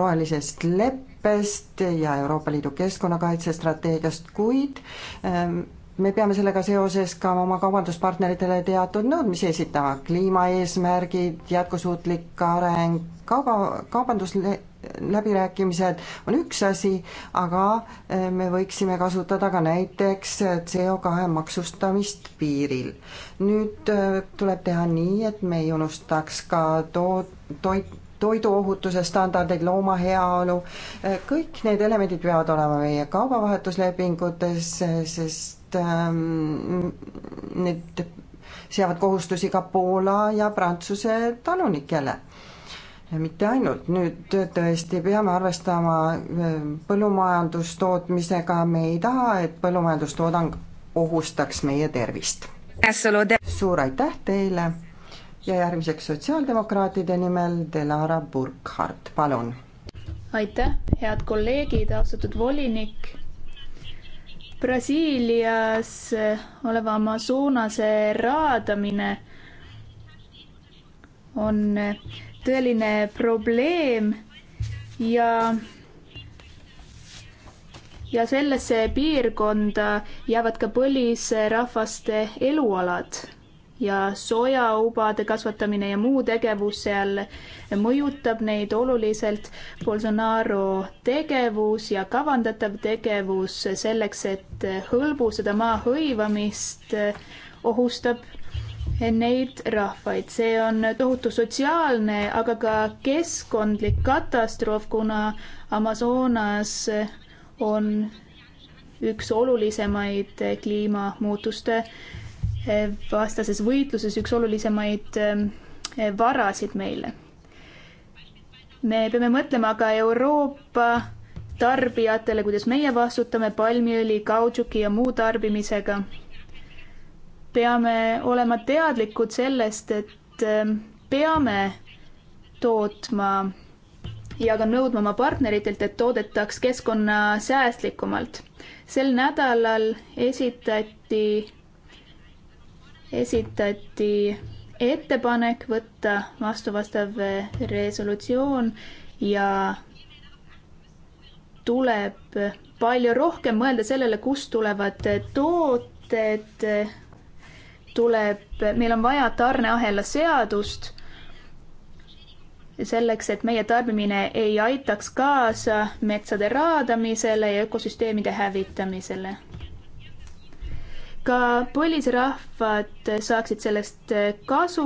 rohelisest leppest ja Euroopa Liidu keskkonnakaitsestrateegiast, kuid ähm, me peame sellega seoses ka oma kaubanduspartneritele teatud nõudmisi esitama, kliimaeesmärgid, jätkusuutlik areng, kauba, kaubandusläbirääkimised on üks asi, aga eh, me võiksime kasutada ka näiteks CO2 maksustamist piiril. nüüd eh, tuleb teha nii, et me ei unustaks ka to-, toit, toiduohutuse standardeid, looma heaolu, eh, kõik need elemendid peavad olema meie kaubavahetuslepingutes, sest Ähm, need seavad kohustusi ka Poola ja Prantsuse talunikele. mitte ainult, nüüd tõesti peame arvestama ähm, põllumajandustootmisega, me ei taha, et põllumajandustoodang ohustaks meie tervist. suur aitäh teile ja järgmiseks sotsiaaldemokraatide nimel Delara Burkhardt, palun. aitäh, head kolleegid, austatud volinik Brasiilias oleva Amazonase raadamine on tõeline probleem ja ja sellesse piirkonda jäävad ka põlisrahvaste elualad ja sojaubade kasvatamine ja muu tegevus seal mõjutab neid oluliselt. Bolsonaro tegevus ja kavandatav tegevus selleks, et hõlbustada maa hõivamist, ohustab neid rahvaid. see on tohutu sotsiaalne, aga ka keskkondlik katastroof, kuna Amazonas on üks olulisemaid kliimamuutuste vastases võitluses üks olulisemaid ähm, varasid meile. me peame mõtlema ka Euroopa tarbijatele, kuidas meie vastutame palmiõli, kautšuki ja muu tarbimisega. peame olema teadlikud sellest, et ähm, peame tootma ja ka nõudma oma partneritelt, et toodetaks keskkonnasäästlikumalt. sel nädalal esitati esitati ettepanek võtta vastu vastav resolutsioon ja tuleb palju rohkem mõelda sellele, kust tulevad tooted, tuleb, meil on vaja tarneahela seadust selleks, et meie tarbimine ei aitaks kaasa metsade raadamisele ja ökosüsteemide hävitamisele ka põlisrahvad saaksid sellest kasu,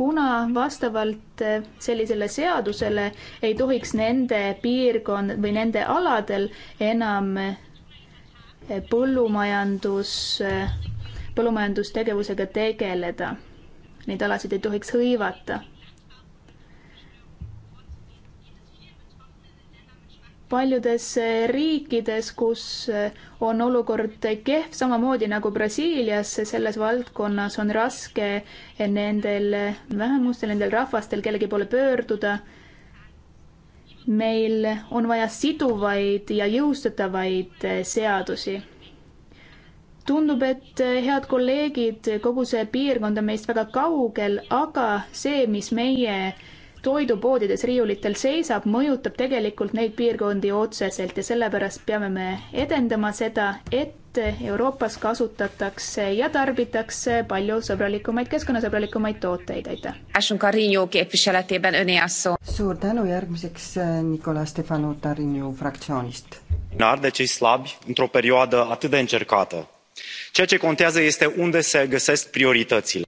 kuna vastavalt sellisele seadusele ei tohiks nende piirkond või nende aladel enam põllumajandus, põllumajandustegevusega tegeleda. Neid alasid ei tohiks hõivata paljudes riikides, kus on olukord kehv, samamoodi nagu Brasiilias, selles valdkonnas on raske nendel vähemustel, nendel rahvastel kellegi poole pöörduda. meil on vaja siduvaid ja jõustatavaid seadusi. tundub, et head kolleegid, kogu see piirkond on meist väga kaugel, aga see, mis meie toidupoodides riiulitel seisab, mõjutab tegelikult neid piirkondi otseselt ja sellepärast peame me edendama seda, et Euroopas kasutatakse ja tarbitakse palju sõbralikumaid, keskkonnasõbralikumaid tooteid, aitäh. suur tänu, järgmiseks eh, Nikolai Stefanu Tarinju fraktsioonist. de cei slabi într-o perioadă atât de încercată. Ceea ce contează este unde se găsesc prioritățile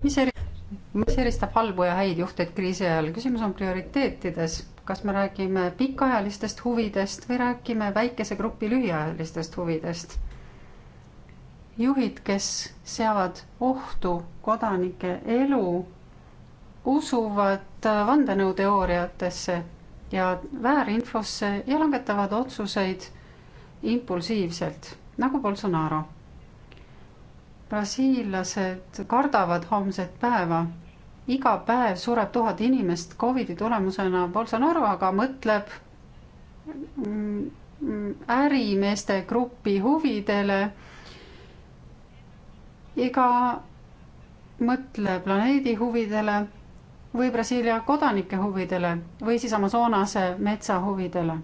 mis eristab halbu ja häid juhteid kriisi ajal? küsimus on prioriteetides. kas me räägime pikaajalistest huvidest või räägime väikese grupi lühiajalistest huvidest? juhid, kes seavad ohtu kodanike elu, usuvad vandenõuteooriatesse ja väärinfosse ja langetavad otsuseid impulsiivselt, nagu Bolsonaro. brasiillased kardavad homset päeva iga päev sureb tuhat inimest Covidi tulemusena Bolsonaro, aga mõtleb mm, ärimeeste grupi huvidele ega mõtle planeedi huvidele või Brasiilia kodanike huvidele või siis Amazonase metsa huvidele.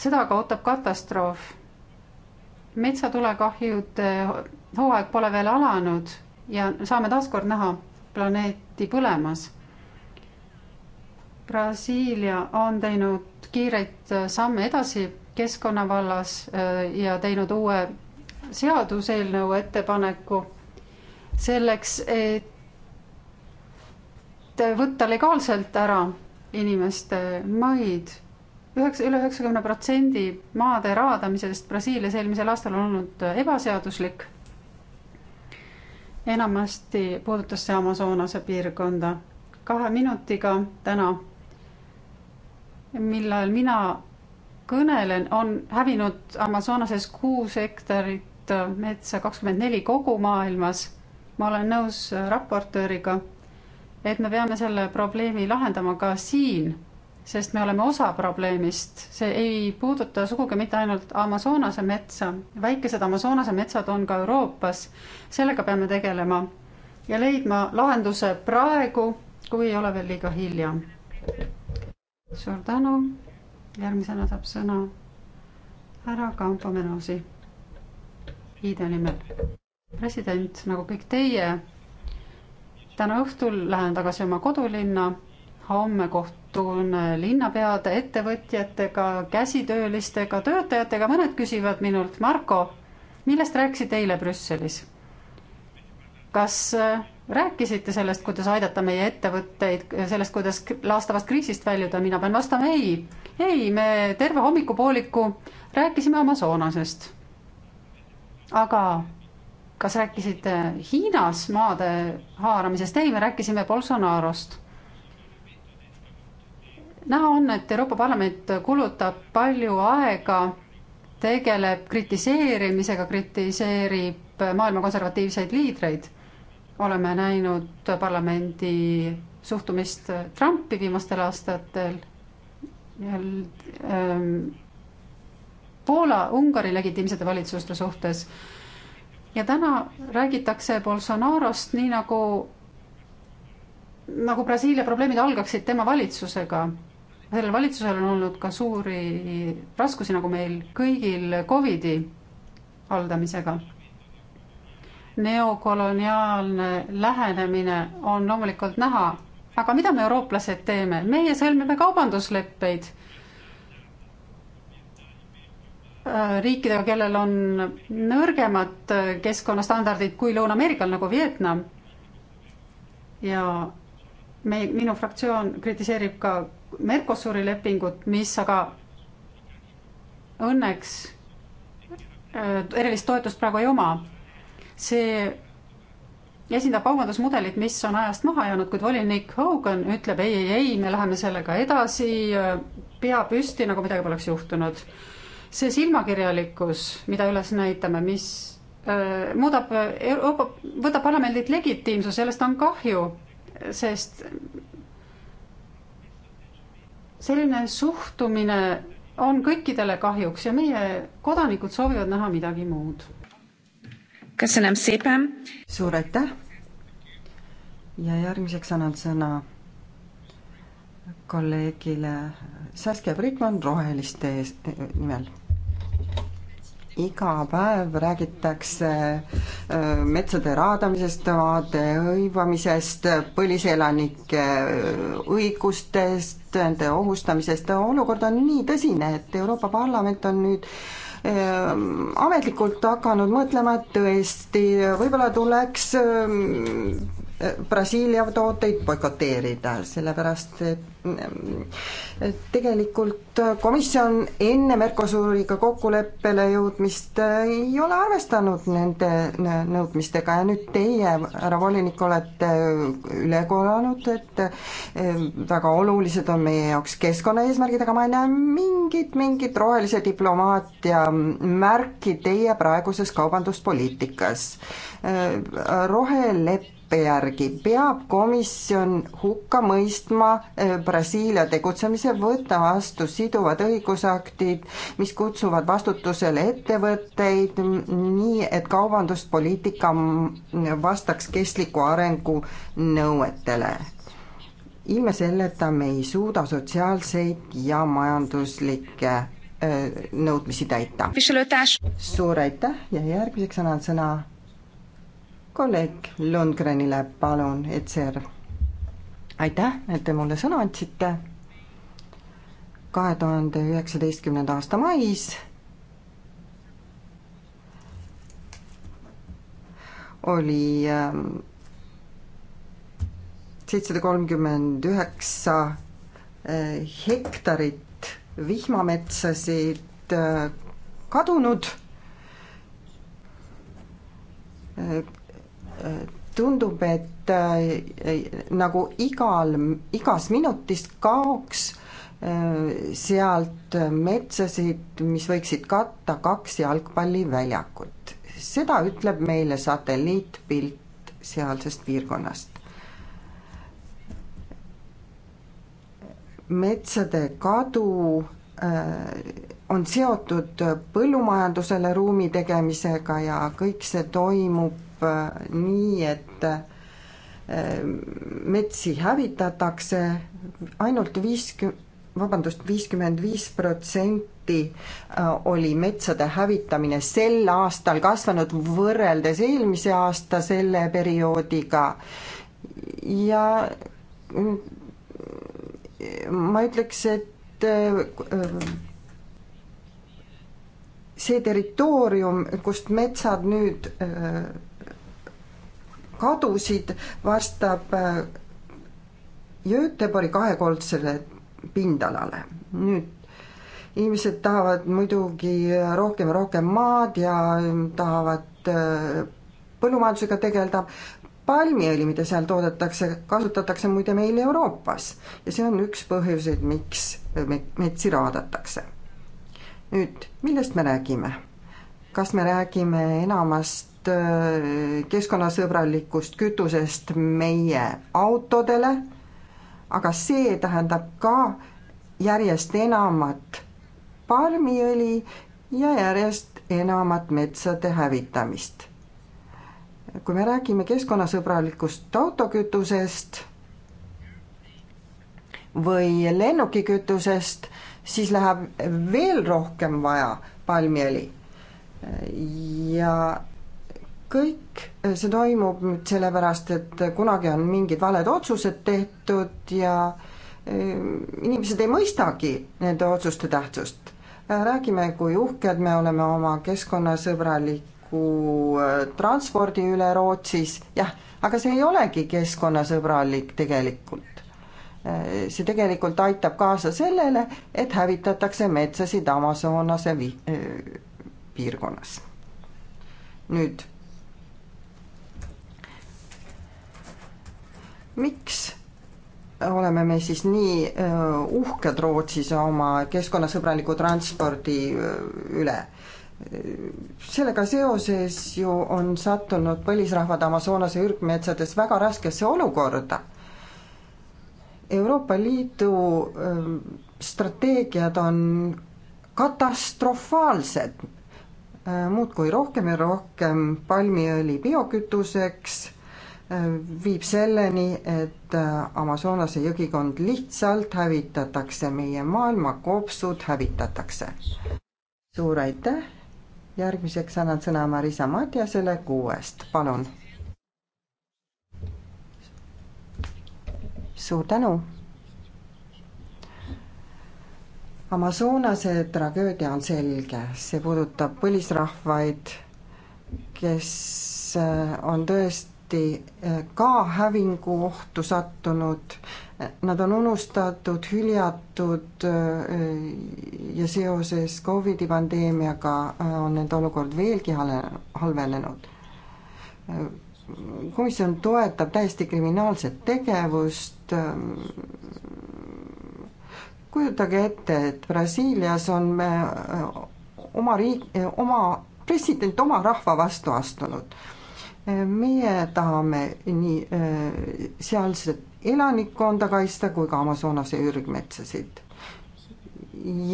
seda aga ootab katastroof. metsatulekahjude hooaeg pole veel alanud ja saame taaskord näha planeeti põlemas. Brasiilia on teinud kiireid äh, samme edasi keskkonna vallas äh, ja teinud uue seaduseelnõu ettepaneku selleks, et võtta legaalselt ära inimeste maid. üheksa, üle üheksakümne protsendi maade raadamisest Brasiilias eelmisel aastal on olnud äh, ebaseaduslik enamasti puudutas see Amazonase piirkonda. kahe minutiga täna, millal mina kõnelen, on hävinud Amazonases kuus hektarit metsa, kakskümmend neli kogu maailmas. ma olen nõus raportööriga, et me peame selle probleemi lahendama ka siin sest me oleme osa probleemist, see ei puuduta sugugi mitte ainult Amazonase metsa, väikesed Amazonase metsad on ka Euroopas, sellega peame tegelema ja leidma lahenduse praegu, kui ei ole veel liiga hilja. suur tänu, järgmisena saab sõna härra Kampo Menosi, IDE nimel. president, nagu kõik teie, täna õhtul lähen tagasi oma kodulinna, homme koht-, kohtun linnapeade, ettevõtjatega, käsitöölistega, töötajatega, mõned küsivad minult, Marko, millest rääkisite eile Brüsselis? kas äh, rääkisite sellest, kuidas aidata meie ettevõtteid, sellest, kuidas laastavast kriisist väljuda, mina pean vastama ei. ei, me terve hommikupooliku rääkisime Amazonasest. aga kas rääkisite Hiinas maade haaramisest? ei, me rääkisime Bolsonarost näha on, et Euroopa Parlament kulutab palju aega, tegeleb kritiseerimisega, kritiseerib maailma konservatiivseid liidreid. oleme näinud parlamendi suhtumist Trumpi viimastel aastatel. Ähm, Poola, Ungari legitiimsete valitsuste suhtes. ja täna räägitakse Bolsonarost nii nagu nagu Brasiilia probleemid algaksid tema valitsusega sellel valitsusel on olnud ka suuri raskusi, nagu meil kõigil Covidi haldamisega. neokoloniaalne lähenemine on loomulikult näha, aga mida me, eurooplased, teeme? meie sõlmime kaubandusleppeid äh, riikidega, kellel on nõrgemad keskkonnastandardid kui Lõuna-Ameerikal, nagu Vietnam. ja me, minu fraktsioon kritiseerib ka Mercosuri lepingut, mis aga õnneks äh, erilist toetust praegu ei oma. see esindab kaubandusmudelit, mis on ajast maha jäänud, kuid volinik Hogan ütleb ei, ei, ei, me läheme sellega edasi, pea püsti, nagu midagi poleks juhtunud. see silmakirjalikkus, mida üles näitame, mis äh, muudab Euroopa, võtab parlamendilt legitiimsuse, sellest on kahju, sest selline suhtumine on kõikidele kahjuks ja meie kodanikud soovivad näha midagi muud. kas see näeb sebem? suur aitäh. ja järgmiseks annan sõna kolleegile Saskia Brikman Roheliste ees, nimel iga päev räägitakse äh, metsade raadamisest, maade hõivamisest, põliselanike äh, õigustest, nende ohustamisest, olukord on nii tõsine, et Euroopa Parlament on nüüd ähm, ametlikult hakanud mõtlema, et tõesti, võib-olla tuleks ähm, Brasiilia tooteid boikoteerida, sellepärast et tegelikult komisjon enne Mercosuriga kokkuleppele jõudmist ei ole arvestanud nende nõudmistega ja nüüd teie, härra volinik, olete üle korranud, et väga olulised on meie jaoks keskkonnaeesmärgid, aga ma ei näe mingit, mingit rohelise diplomaatia märki teie praeguses kaubanduspoliitikas. rohelepe järgi peab komisjon hukka mõistma eh, Brasiilia tegutsemise, võtta vastu siduvad õigusaktid, mis kutsuvad vastutusele ettevõtteid, nii et kaubanduspoliitika vastaks kestliku arengu nõuetele. ilma selleta me ei suuda sotsiaalseid ja majanduslikke eh, nõudmisi täita. suur aitäh ja järgmiseks annan sõna kolleeg Lundgrenile, palun, ECR. aitäh, et te mulle sõna andsite. kahe tuhande üheksateistkümnenda aasta mais oli ähm, seitsesada kolmkümmend üheksa äh, hektarit vihmametsasid äh, kadunud äh, tundub, et äh, nagu igal, igas minutis kaoks äh, sealt metsasid, mis võiksid katta kaks jalgpalliväljakut. seda ütleb meile satelliitpilt sealsest piirkonnast. metsade kadu äh, on seotud põllumajandusele ruumi tegemisega ja kõik see toimub Äh, nii, et äh, metsi hävitatakse ainult viiskümmend, vabandust, viiskümmend viis protsenti äh, oli metsade hävitamine sel aastal kasvanud võrreldes eelmise aasta selle perioodiga ja mm, ma ütleks, et see territoorium, kust metsad nüüd kadusid, vastab äh, Göteborgi kahekordsele pindalale. nüüd inimesed tahavad muidugi rohkem ja rohkem maad ja äh, tahavad äh, põllumajandusega tegeleda, palmiõli, mida seal toodetakse, kasutatakse muide meil Euroopas ja see on üks põhjuseid, miks metsi raadatakse. nüüd, millest me räägime? kas me räägime enamast Äh, keskkonnasõbralikust kütusest meie autodele, aga see tähendab ka järjest enamat palmiõli ja järjest enamat metsade hävitamist. kui me räägime keskkonnasõbralikust autokütusest või lennukikütusest, siis läheb veel rohkem vaja palmiõli. ja kõik eh, see toimub nüüd sellepärast, et kunagi on mingid valed otsused tehtud ja eh, inimesed ei mõistagi nende otsuste tähtsust. Eh, räägime, kui uhked me oleme oma keskkonnasõbraliku transpordi üle Rootsis, jah, aga see ei olegi keskkonnasõbralik tegelikult. see tegelikult aitab kaasa sellele, et hävitatakse metsasid Amazonase piirkonnas. nüüd miks oleme me siis nii uhked Rootsis oma keskkonnasõbraliku transpordi üle? sellega seoses ju on sattunud põlisrahvad Amazonase ürgmetsades väga raskesse olukorda. Euroopa Liidu strateegiad on katastrofaalsed, muudkui rohkem ja rohkem palmiõli biokütuseks viib selleni, et äh, Amazonase jõgikond lihtsalt hävitatakse, meie maailma kopsud hävitatakse. suur aitäh, järgmiseks annan sõna Marisa Matjasele Kuuest, palun. suur tänu. Amazonase tragöödia on selge, see puudutab põlisrahvaid, kes äh, on tõesti samuti eh, ka hävinguohtu sattunud, nad on unustatud, hüljatud eh, ja seoses Covidi pandeemiaga eh, on nende olukord veelgi halvenenud komisjon toetab täiesti kriminaalset tegevust. kujutage ette, et Brasiilias on me oma riik, oma president oma rahva vastu astunud meie tahame nii äh, sealset elanikkonda kaitsta kui ka Amazonase ürgmetsasid.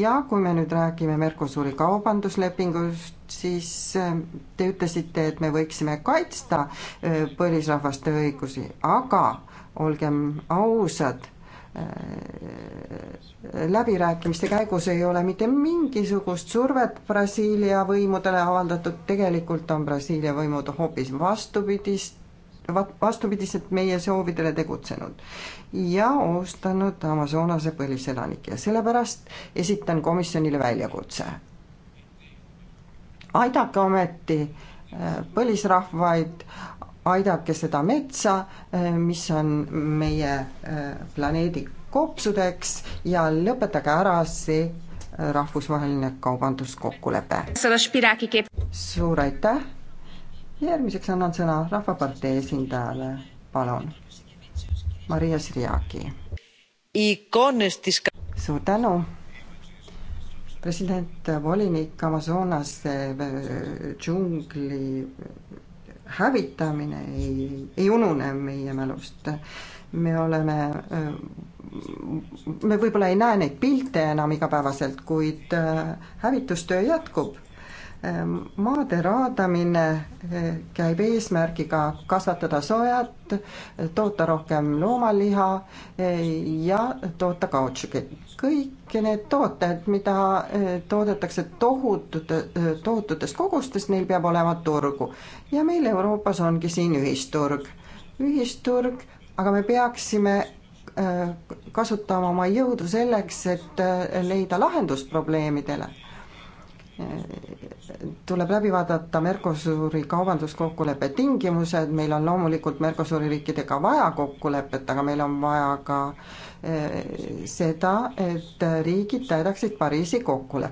ja kui me nüüd räägime Mercosuri kaubanduslepingust, siis äh, te ütlesite, et me võiksime kaitsta äh, põlisrahvaste õigusi, aga olgem ausad Äh, läbirääkimiste käigus ei ole mitte mingisugust survet Brasiilia võimudele avaldatud, tegelikult on Brasiilia võimud hoopis vastupidist, vastupidiselt meie soovidele tegutsenud ja ohustanud Amazonase põliselanikke ja sellepärast esitan komisjonile väljakutse. aidake ometi äh, põlisrahvaid aidake seda metsa, eh, mis on meie eh, planeedi kopsudeks ja lõpetage ära see eh, rahvusvaheline kaubanduskokkulepe. suur aitäh. järgmiseks annan sõna Rahvapartei esindajale, palun. Maria Sriaki. suur tänu president volinik Amazonase džungli hävitamine ei, ei unune meie mälust. me oleme, me võib-olla ei näe neid pilte enam igapäevaselt, kuid äh, hävitustöö jätkub Ehm, maade raadamine eh, käib eesmärgiga kasvatada soojat, eh, toota rohkem loomaliha eh, ja toota kautsjuki. kõik need tooted, mida toodetakse tohutute, tohututes kogustes, neil peab olema turgu. ja meil Euroopas ongi siin ühisturg. ühisturg, aga me peaksime kasutama oma jõudu selleks, et leida lahendus probleemidele tuleb läbi vaadata Mercosuri kaubanduskokkuleppe tingimused, meil on loomulikult Mercosuri riikidega vaja kokkulepet, aga meil on vaja ka eh, seda, et riigid täidaksid Pariisi kokkulepet.